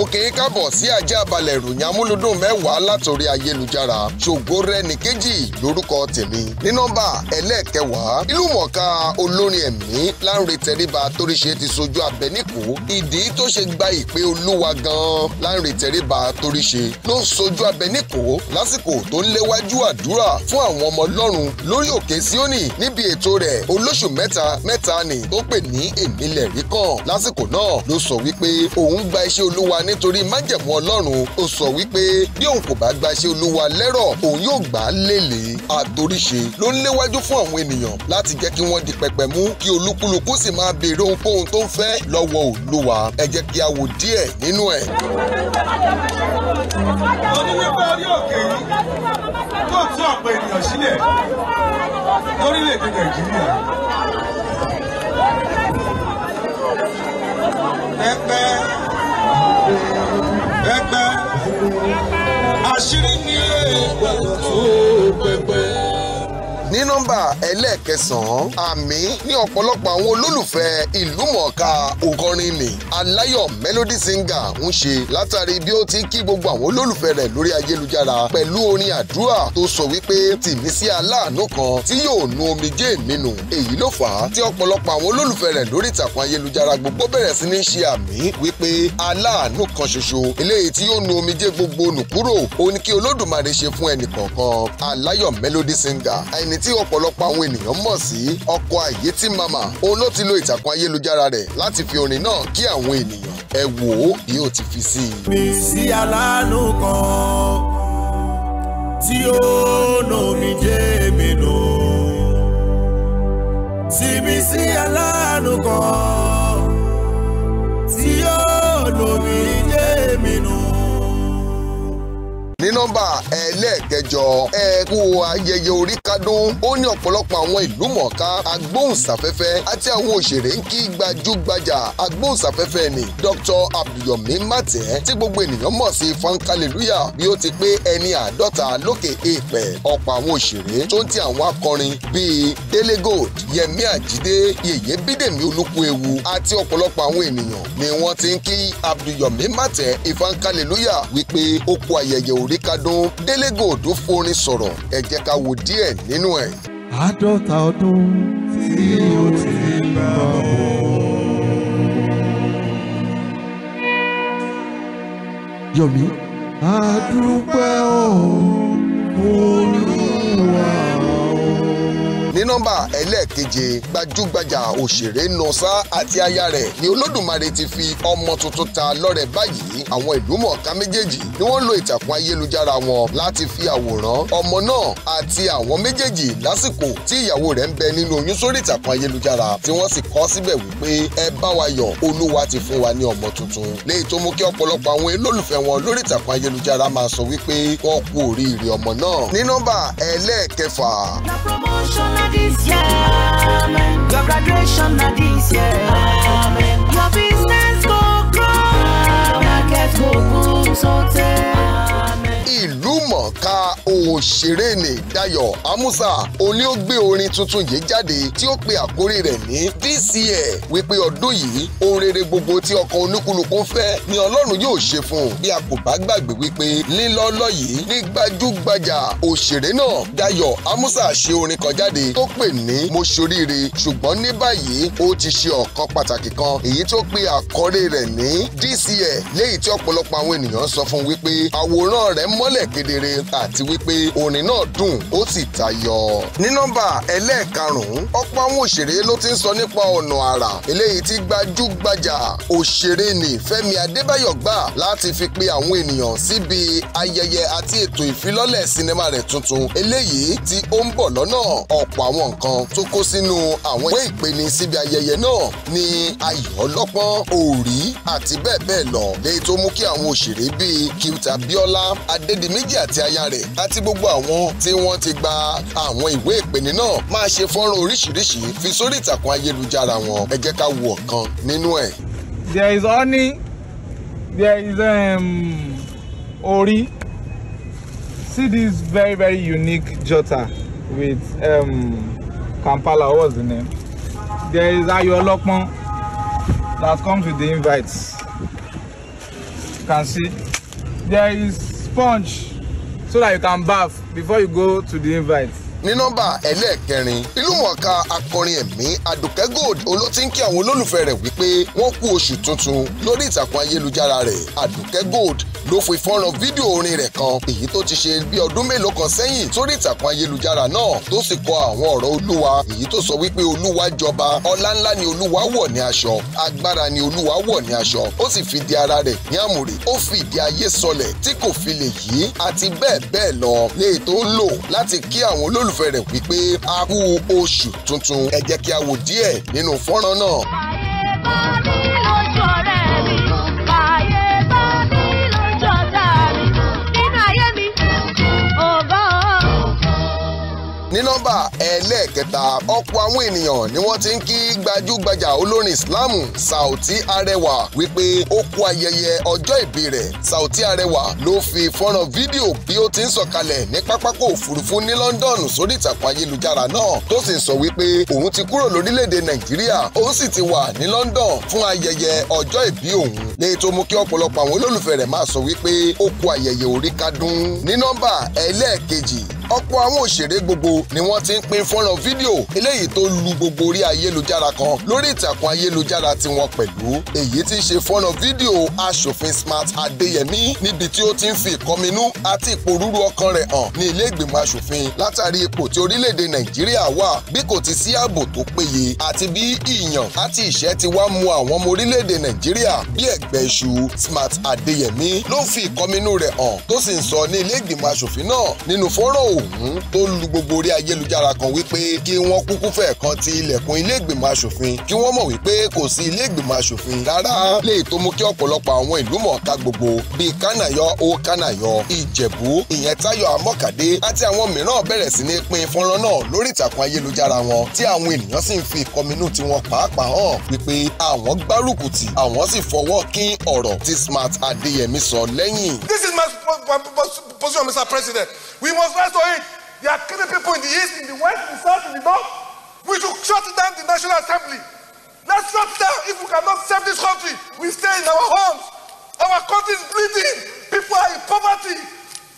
mo kì í kábọ̀ sí ajá balẹ̀ ìròyìn amúlùdùn mẹ́wàá látòrí ayélujára ṣògo rẹni kejì lórúkọ tèmi ní nọ́mbà ẹlẹ́ẹ̀kẹwàá ìlúmọ̀ọ́ká olórin ẹ̀mí Lánrè Tẹríba torí ti sojú abẹ níkù ìdí tó ṣe gba ìpè olúwa gan-an Lánrè Tẹríba torí ṣe ló ń sojú abẹ níkù lásìkò tó ń léwájú àdúrà fún àwọn ọmọ Ọlọ́run lórí òkè Síónì níbi ètò rẹ̀ olóṣù mẹ́ta mẹ́ta nì tó pè ní èmílẹ̀ rí nítorí májẹ̀mú ọlọ́run ó sọ wípé bí òun kò bá gbaṣẹ́ olúwa lẹ́rọ̀ òun yóò gbà á lélẹ̀ àtòríṣe ló ń léwájú fún àwọn ènìyàn láti jẹ́ kí wọ́n di pẹpẹ mú kí olúkúlùkù sì máa béèrè ohunkóhun tó ń fẹ́ lọ́wọ́ olúwa ẹ jẹ́ kí a wò díẹ̀ nínú ẹ̀. ó ní orí òkè yìí yóò tún ọ̀pọ̀ ènìyàn sílẹ̀ lórílẹ̀‐èdè nàìjíríà pẹpẹ ẹgbẹ́ àṣírí ni ẹgbẹ́ tó ní nọ́mbà ẹlẹ́ẹ̀kẹsàn-án àmì ní ọ̀pọ̀lọpọ̀ àwọn olólùfẹ́ ìlú mọ̀ọ́ká òkọrin mi aláyọ̀ melody singer ń ṣe látàrí bí ó ti kí gbogbo àwọn olólùfẹ́ rẹ̀ lórí ayélujára pẹ̀lú orin àdúrà tó sọ wípé tìmí sí aláàánú kan tí yóò nu omijé mi nù èyí ló fà á tí ọ̀pọ̀lọpọ̀ àwọn olólùfẹ́ rẹ̀ lórí ìtàkùn ayélujára gbogbo bẹ̀rẹ̀ sí ní ṣe àmì wípé aláàánú kan ṣoṣo eléyìí tí yóò nu omijé gbogbo nù kúrò kí olódùmarè ṣe fún ẹnì melody singer ẹni tí ọ̀pọ̀lọpọ̀ àwọn ènìyàn mọ̀ sí ọkọ àyètí mama òun ló ti lo ìtàkùn ayélujára rẹ̀ láti fi orin náà kí àwọn ènìyàn ẹ wò ó bí ó ti fi sí i. mi sí aláàánú kan tí ó nà mí jẹ́ èmi nù tí sí aláàánú kan tí ó nà mí jẹ́ èmi nù ní nọ́mbà ẹlẹ́ẹ̀kẹjọ ẹ kú ayẹyẹ orí kádún ó ní ọ̀pọ̀lọpọ̀ àwọn ìlúmọ̀ọ́ká agbóhùnsáfẹ́fẹ́ àti àwọn òṣèré ń kí gbajúgbajà agbóhùnsáfẹ́fẹ́ ni Dr. Abdulyomi Mate tí gbogbo ènìyàn mọ̀ sí fankaleluya bí ó ti pé ẹni àádọ́ta lókè èèpẹ̀ ọ̀pọ̀ àwọn òṣèré tó ń ti àwọn akọrin bíi Dele Gold Yẹmí Àjídé Yèyé Bídèmí Olúkúewu àti ọ̀pọ̀lọpọ̀ àwọn ènìyàn ni wọ́n ti ń kí Abdulyomi Mate ìfankaleluya wípé ó kú ayẹyẹ orí kádún Dele adégold forin sọ̀rọ̀ ẹ jẹ́ ká wo díẹ̀ nínú ẹ̀. àádọ́ta ọdún tí ó ti bá wọ̀. Yomi a dúpẹ́ ọ̀ ọ́ ní ní nọ́mbà ẹlẹ́ẹ̀keje gbajúgbajà òṣèré nọ́sá àti aya rẹ̀ ni olódùmarè ti fi ọmọ tuntun ta lọ́rẹ̀ báyìí àwọn ìlúmọ̀ọ́ká méjèèjì ni wọ́n lo ìtàkùn ayélujára wọn láti fi àwòrán ọmọ náà àti àwọn méjèèjì lásìkò tí ìyàwó rẹ̀ ń bẹ nínú oyún sórí ìtàkùn ayélujára tí wọ́n sì kọ́ síbẹ̀ wípé ẹ bá wa yọ̀ olúwa ti fún wa ní ọmọ tuntun léyìí tó mú kí ọ̀pọ̀lọpọ̀ àwọn olólùfẹ́ wọn lórí ìtàkùn ayélujára máa sọ wípé wọ́n kú oríire this, Your graduation this, yeah. òṣèré ni Dayọ̀ Amusa òní ó gbé orin tuntun yìí jáde tí ó pe àkórí rẹ̀ ní this year wípé ọdún yìí ohun rere gbogbo tí ọkàn olúkúlùkù ń fẹ́ ni Ọlọ́run yóò ṣe fún un bí a kò bá gbàgbé wípé nílọ́lọ́ yìí ní gbajúgbajà òṣèré náà Dayọ̀ Amusa ṣe orin kan jáde tó pè ní mo ṣoríire ṣùgbọ́n ní báyìí ó ti ṣe ọ̀kan pàtàkì kan èyí tó pe àkọ́rẹ́ rẹ̀ ní this year léyìí tí ọ̀pọ̀lọpọ̀ àwọn ènìyàn sọ fún wípé àwòrán rẹ̀ mọ́lẹ̀ kedere àti wípé orin náà dùn ó sì tayọ. ní nọ́mbà ẹlẹ́ẹ̀karùn-ún ọ̀pọ̀ àwọn òṣèré ló ti ń sọ nípa ọ̀nà àrà eléyìí tí gbajúgbajà òṣèré ni Fẹ́mi Adébáyọ̀ gbà láti fi pe àwọn ènìyàn síbi ayẹyẹ àti ètò ìfilọ́lẹ̀ sinimá rẹ̀ tuntun eléyìí tí ó ń bọ̀ lọ́nà ọ̀pọ̀ àwọn nǹkan tó kó sínú àwọn ìwé ìpeni síbi ayẹyẹ náà ni ayọ̀ ọlọ́pọ́n òòrí àti bẹ́ẹ̀ bẹ́ẹ̀ lọ léyìí tó mú kí àwọn òṣèré bíi Cute Abíọ́lá Adédìméjì àti aya rẹ̀ àti b gbogbo àwọn tí wọ́n ti gba àwọn ìwé ìpèní náà máa ṣe fọ́nrán oríṣiríṣi fi sórí ìtàkùn ayélujára wọn ẹ jẹ́ ká wo ọ̀kan nínú ẹ̀. there is honey there is um, ori see this very very unique jota with um, kampala was the name there is ayo olopon that comes with the invites you can see there is sponge so that you can baff before you go to the invite. ní nọ́mbà ẹlẹ́ẹ̀kẹrin ìlúmọ̀ọ́ká akọrin ẹ̀mí Àdùkẹ́ Gold olótí ń kí àwọn olólùfẹ́ rẹ̀ wípé wọ́n kú oṣù tuntun lórí ìtàkùn ayélujára rẹ̀ Àdùkẹ́ Gold ló fi fọ́nrán fídíò orin rẹ̀ kan èyí tó ti ṣe bí ọdún mélòó kan sẹ́yìn sórí ìtàkùn ayélujára náà tó sì kọ àwọn ọ̀rọ̀ olúwa èyí tó sọ wípé olúwa jọba ọlá ni olúwa wọ̀ ní aṣọ agbára ni olúwa wọ̀ ní aṣọ ó sì fi di ara rẹ̀ ní àmùrè ó fi ìdí ayé sọlẹ̀ tí kò fi lè yí àti bẹ́ẹ̀ bẹ́ẹ̀ lọ ní ètò ń lò láti kí àwọn olólùfẹ́ rẹ̀ wípé a kú oṣù tuntun ẹ kí a wò díẹ̀ nínú fọ́nrán náà. ní nọ́mbà ẹlẹ́ẹ̀kẹta ọ̀pọ̀ àwọn ènìyàn ni wọ́n ti ń kí gbajúgbajà olórin Islam Saoti Arẹwà wípé ó kú ayẹyẹ ọjọ́ ìbí rẹ̀ Saoti Arẹwà ló fi fọ́nrán fídíò bí ó ti ń sọ̀kalẹ̀ ní pápákọ̀ òfurufú ní London sórí ìtàkùn ayélujára náà tó sì sọ wípé òun ti kúrò lórílẹ̀‐èdè Nàìjíríà òun sì ti wà ní London fún ayẹyẹ ọjọ́ ìbí òun ní ètò mú kí ọ̀pọ̀lọpọ̀ àwọn olólùfẹ́ rẹ̀ máa sọ wípé ó kú ayẹyẹ orí kádún ní nọ́mbà ẹlẹ́ẹ̀kejì ọ̀pọ̀ àwọn òṣèré gbogbo ni wọ́n ti ń pín fọ́nrán fídíò eléyìí tó lu gbogbo orí ayélujára kan lórí ìtàkùn ayélujára tiwọn pẹ̀lú èyí tí ń ṣe fọ́nrán fídíò aṣòfin Smart Adéyẹmí níbi tí ó ti ń fi ìkọminú àti ìpòrúru ọkàn rẹ̀ hàn ní ilé ìgbìmọ̀ aṣòfin látàrí ipò tí orílẹ̀-èdè Nàìjíríà wà bí kò ti sí ààbò tó péye àti bí ìyàn àti ìṣẹ́ ti wá mu àwọn ọmọ orílẹ̀-èdè Nàìjíríà bí ẹ̀gbẹ́ iṣu Smart Adéyẹmí ló fi ìkọminú rẹ̀ hàn tó sì ń sọ ní ilé ìgbìmọ̀ aṣòfin náà nínú fọ́nrán ò òun tó lu gbogbo orí ayélujára kan wípé kí wọ́n kúkú fẹ̀ kan ti ilẹ̀kùn ilé ìgbìmọ̀ asòfin kí wọ́n mọ̀ wípé kò sí ilé ìgbìmọ̀ asòfin rárá lè tó mú kí ọ̀pọ̀lọpọ̀ àwọn ìlú mọ̀ọ́ká gbogbo bíi kánàyọ ó kánàyọ ìjẹ̀bú ìyẹn táyọ̀ amọ́kàdé àti àwọn mìíràn bẹ̀rẹ̀ sí ní pín fọ́nrán náà lórí ìtàkùn ayélujára wọn tí àwọn ènìyàn sì ń fi ìkọminú tiwọn pàápàá hàn wípé àwọn gbárùkù àwọn sì fọwọ́ kín ọ̀rọ̀ tí Smart Adéyẹmí sọ lẹ́yìn. This is my position, Mr. President. We must rise to There They are killing people in the east, in the west, in the south, in the north. We should shut down the National Assembly. Let's shut down. If we cannot save this country, we stay in our homes. Our country is bleeding. People are in poverty.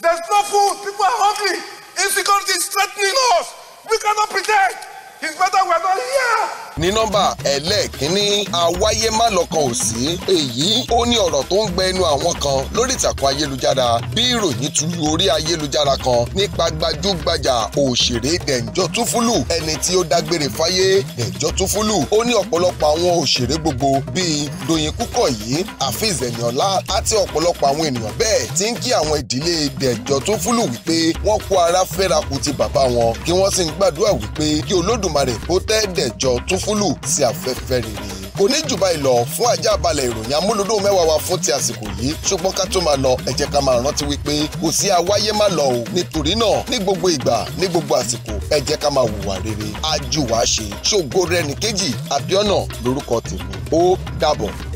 There's no food. People are hungry. Insecurity is threatening us. We cannot pretend. It's better we're not here. ní nọ́mbà ẹlẹ́ẹ̀kínní àwáyémálọ́kọ̀ òsì èyí ó ní ọ̀rọ̀ tó ń gbẹ ẹnu àwọn kan lórí ìtàkùn ayélujára bí ìròyìn tu orí ayélujára kan nípa gbajúgbajà òṣèré dẹ̀njọ́ túfúlù ẹni tí ó dágbére fáyé dẹ̀njọ́ túfúlù ó ní ọ̀pọ̀lọpọ̀ àwọn òṣèré gbogbo bíi Dòyìn Kúkọ̀yí Afeez Ẹniọlá àti ọ̀pọ̀lọpọ̀ àwọn ènìyàn bẹ́ẹ̀ ti ń kí àwọn ìdílé dẹ̀njọ́ túfúlù wípé wọ́n kó ara fẹ́ra kù ti bàbá wọn kí wọ́n sì ń gbàdúrà wípé kí Olódùmarè kó tẹ́ dẹ̀njọ́ túf kúlùkúlù sí afẹ́fẹ́ rere kò ní jù báyìí lọ fún ajá balẹ̀ ìròyìn amúlùdùn mẹ́wàá wa fún ti àsìkò yìí ṣùgbọ́n ká tó máa lọ ẹ jẹ́ ká máa rántí wípé kò sí awáyé má lọ o nítorí náà ní gbogbo ìgbà ní gbogbo àsìkò ẹ jẹ́ ká máa hùwà rere ajú wa ṣe ṣògo rẹ̀ nìkejì àbíọ́nà lórúkọ tèmi ó dàbọ̀.